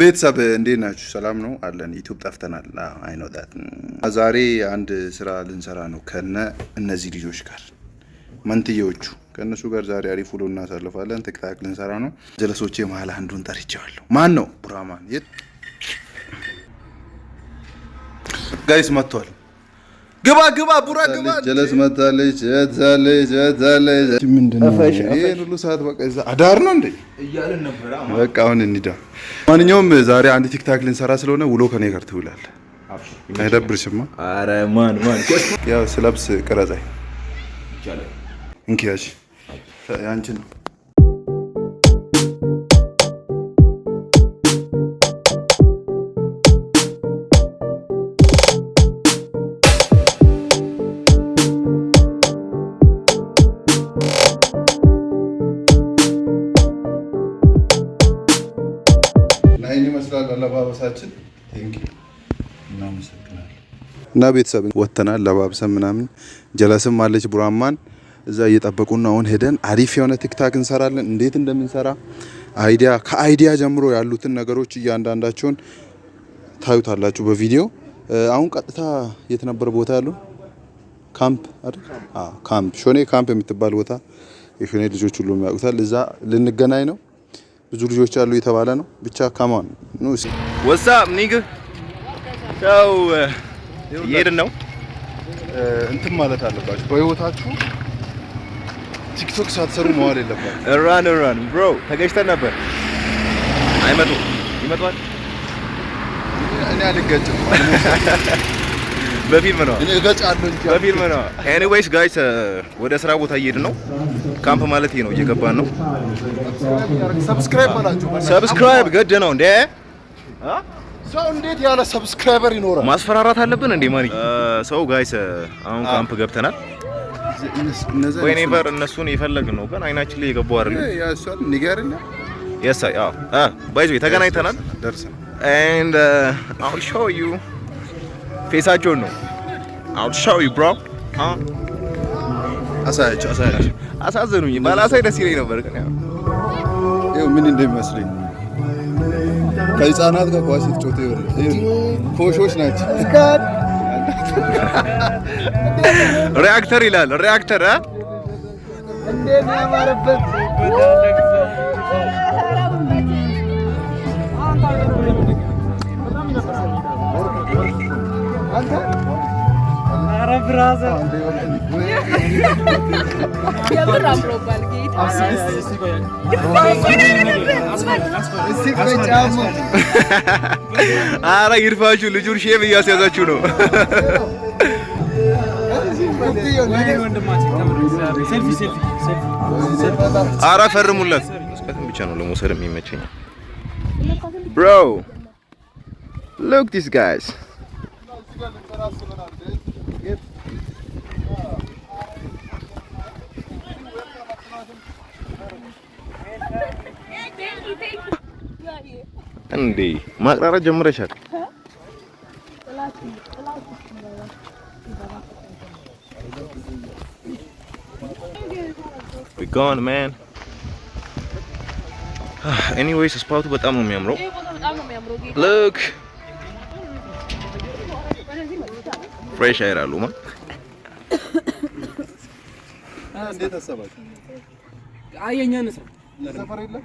ቤተሰብ እንዴት ናችሁ? ሰላም ነው አለን። ዩቲዩብ ጠፍተናል። አይ ኖ ዳት። ዛሬ አንድ ስራ ልንሰራ ነው ከነ እነዚህ ልጆች ጋር መንትዬዎቹ፣ ከእነሱ ጋር ዛሬ አሪፍ ውሎ እናሳልፋለን። ቲክታክ ልንሰራ ነው። ጀለሶቼ መሀል አንዱን ጠርቼዋለሁ። ማን ነው? ቡራማን። የት ጋይስ መጥቷል። ግባ ግባ ቡራ ግባ። ጀለስ መታለች ታለች ታለች። ይህን ሁሉ ሰዓት በቃ አዳር ነው እንዴ እያልን ነበረ። በቃ አሁን እንሂዳ። ማንኛውም ዛሬ አንድ ቲክታክ ልንሰራ ስለሆነ ውሎ ከኔ ጋር ትውላለህ። አይደብርሽማ? ኧረ ማን ማን ያው ስለብስ ቅረጻኝ እንኪያሽ ያንቺ ነው ስለመጣችሁ እናመሰግናለን። እና ቤተሰብ ወተናል ለባብሰን ምናምን ጀለስም አለች ቡራማን እዛ እየጠበቁና አሁን ሄደን አሪፍ የሆነ ቲክታክ እንሰራለን። እንዴት እንደምንሰራ አይዲያ ከአይዲያ ጀምሮ ያሉትን ነገሮች እያንዳንዳቸውን ታዩታላችሁ በቪዲዮ። አሁን ቀጥታ የት ነበር ቦታ ያለው? ካምፕ አይደል? አዎ ካምፕ፣ ሾኔ ካምፕ የምትባል ቦታ የሾኔ ልጆች ሁሉ የሚያውቁታል። እዛ ልንገናኝ ነው። ብዙ ልጆች አሉ የተባለ ነው። ብቻ ካማን ነው ወሳ ኒግ ያው እየሄድን ነው። እንትን ማለት አለባችሁ በህይወታችሁ ቲክቶክ ሳትሰሩ መዋል የለባችሁ። ራን ራን ብሮ ተገጭተን ነበር። አይመጡም ይመጣል። እኔ አልገጭም በፊልም ነው በፊልም ነው። ኤኒዌይስ ጋይስ ወደ ስራ ቦታ እየሄድን ነው። ካምፕ ማለት ነው። እየገባን ነው። ሰብስክራይብ ገድ ነው እንዴ ሰው እንዴት ያለ ሰብስክራይበር ይኖራል? ማስፈራራት አለብን እንዴ? ማሪ ሰው ጋይስ፣ አሁን ካምፕ ገብተናል። ወይ ኔቨር እነሱን የፈለግን ነው ግን አይናችን ላይ የገባው አይደለም። ያሳል ንገርና ያሳይ አዎ አ ባይዞ ተገናኝተናል ደርሰን and uh, I'll show you ፌሳቸውን ነው I'll show you bro አሳያቸው አሳያቸው አሳዘኑኝ። ባላሳይ ደስ ይለኝ ነበር ግን ያው ምን እንደሚመስለኝ ከህፃናት ጋር ኳስ ጮቴ ኮሾች ናቸው። ሪያክተር ይላል ሪያክተር እ Parafraza. የምር አምሮባል ጌታ። ኧረ ይርፋችሁ፣ ልጁን ሼም እያስያዛችሁ ነው። ኧረ ፈርሙላት። መስጠትም ብቻ ነው ለመውሰድ የሚመቸኝ። ብሮ ሉክ ዲስ ጋይስ እንዴ ማቅራራት ጀምረሻል? ቢጎን ማን ኤኒዌይስ ስፓቱ በጣም ነው የሚያምረው። ልክ ፍሬሽ አየር አሉ ማ እንዴት አሰባችሁ? አየኛን ስራ ሰፈር የለም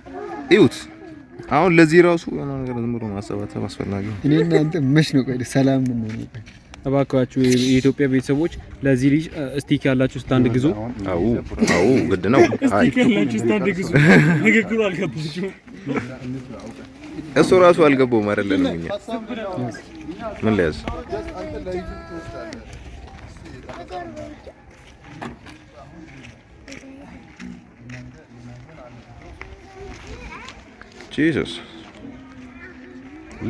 እዩት። አሁን ለዚህ ራሱ የሆነ ነገር ዝም ብሎ ማሰባት አስፈላጊ ነው። እኔ እናንተ መች ነው ቆይ ሰላም ነው ነው እባካችሁ የኢትዮጵያ ቤተሰቦች ለዚህ ልጅ ስቲክ ያላችሁ ስታንድ ግዙ። አዎ አዎ፣ ግድ ነው። ስቲክ ያላችሁ ስታንድ ግዙ። ንግግሩ አልገባችሁም? እሱ ራሱ አልገባውም አይደለም። እኛ ምን ለያዝ Jesus.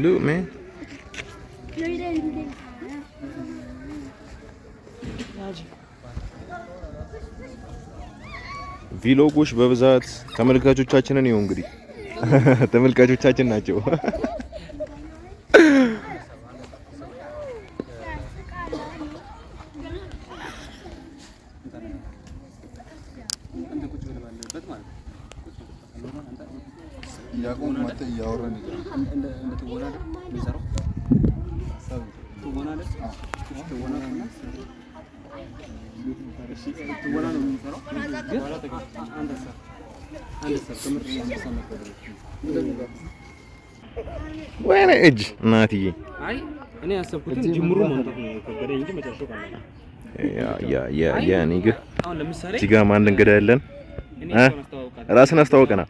Loot, man. ቪሎጎች በብዛት ተመልካቾቻችንን ይኸው እንግዲህ ተመልካቾቻችን ናቸው። ጥያቄውን መጥተህ እያወራን ወይኔ እጅ እናትዬ፣ እኔ ያሰብኩትን ጅምሩ መምጣት ነው ያ ያ ያ ያ ጋ ማን እንግዳ ያለን ራስን አስተዋውቀናል።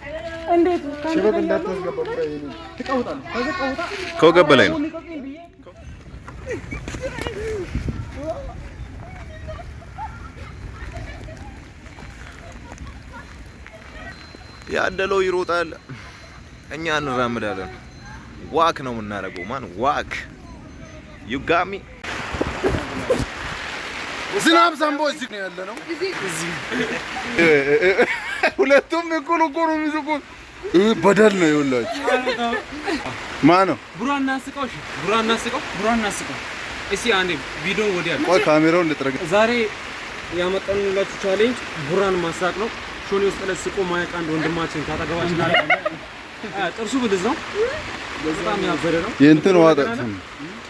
ከወገብ በላይ ነው። ያደለው ይሮጣል፣ እኛ እንራምዳለን። ዋክ ነው የምናደርገው። ማን ዋክ ዩ ዩጋሚ ዝናብ ዘንቦ እዚህ ነው ያለነው። ነው። ሁለቱም እኩል እኮ ነው ይህ በደል ነው። ይኸውላችሁ ማን ነው? ቡራና ስቀው። እሺ፣ ቡራና ስቀው፣ ቡራና ስቀው። እስኪ አንዴ ቪዲዮ ወዲያ፣ ቆይ ካሜራውን ልጥረግ። ዛሬ ያመጣንላችሁ ቻሌንጅ ቡራን ማሳቅ ነው። ሾኔ ውስጥ ለስቆ ማያውቅ አንድ ወንድማችን ካጠገባችን አለ። ጥርሱ ብልዝ ነው፣ በጣም ያበደ ነው። የእንትን ዋጠ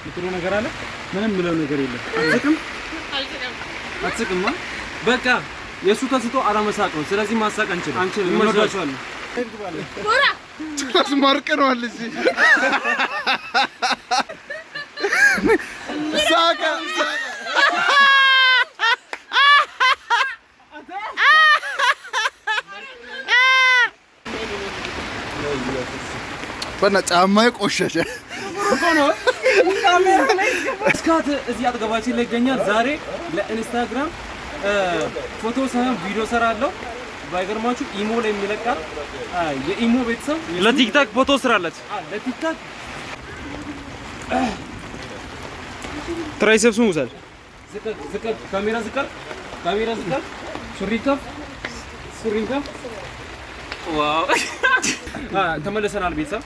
ምትሉ ነገር አለ። ምንም ምለው ነገር የለም። አትስቅም፣ አትስቅም። በቃ የእሱ ተስቶ አለመሳቅ ነው። ስለዚህ ማሳቅ አንችልም፣ አንችልም። እንወዳችኋለን አስማርቀነዋል። ጫማ ቆሸሸ። እስካት እዚህ አጠገባችን ላይ ይገኛል። ዛሬ ለኢንስታግራም ፎቶ ሳይሆን ቪዲዮ ሰራለሁ። ባይገርማችሁ ኢሞ ላይ የሚለቃል የኢሞ ቤተሰብ ለቲክታክ ፎቶ ስራለት ለቲክታክ ትራይሰፕስ ሙሳል ዝቀብ ካሜራ ዝቀብ ካሜራ ዝቀብ ሱሪ ከፍ ሱሪ ከፍ ዋው ተመለሰናል ቤተሰብ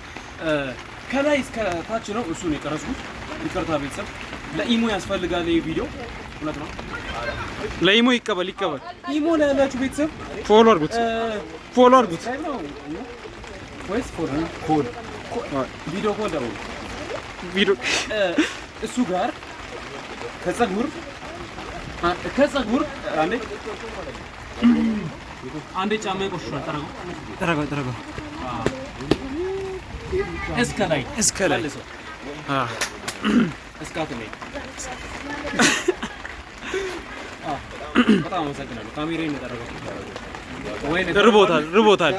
ከላይ እስከ ታች ነው እሱን የቀረጽኩት ይቅርታ ቤተሰብ ለኢሞ ያስፈልጋል ይህ ቪዲዮ ለኢሞ ይቀበል ይቀበል። ኢሞ ላይ ያላችሁ ቤተሰብ ፎሎ አድርጉት፣ ፎሎ አድርጉት። ወይስ ፎሎ ኮል ቪዲዮ ኮል ደግሞ ቪዲዮ እሱ ጋር ከጸጉር ከጸጉር አንዴ አንዴ ጫማ ይቆሽሻል። ጠረገው ጠረገው ጠረገው እስከ ላይ እስከ ላይ እስካቱ ላይ በጣም አመሰግናለሁ። ካሜራ ይነጠረበት ርቦታል፣ ርቦታል።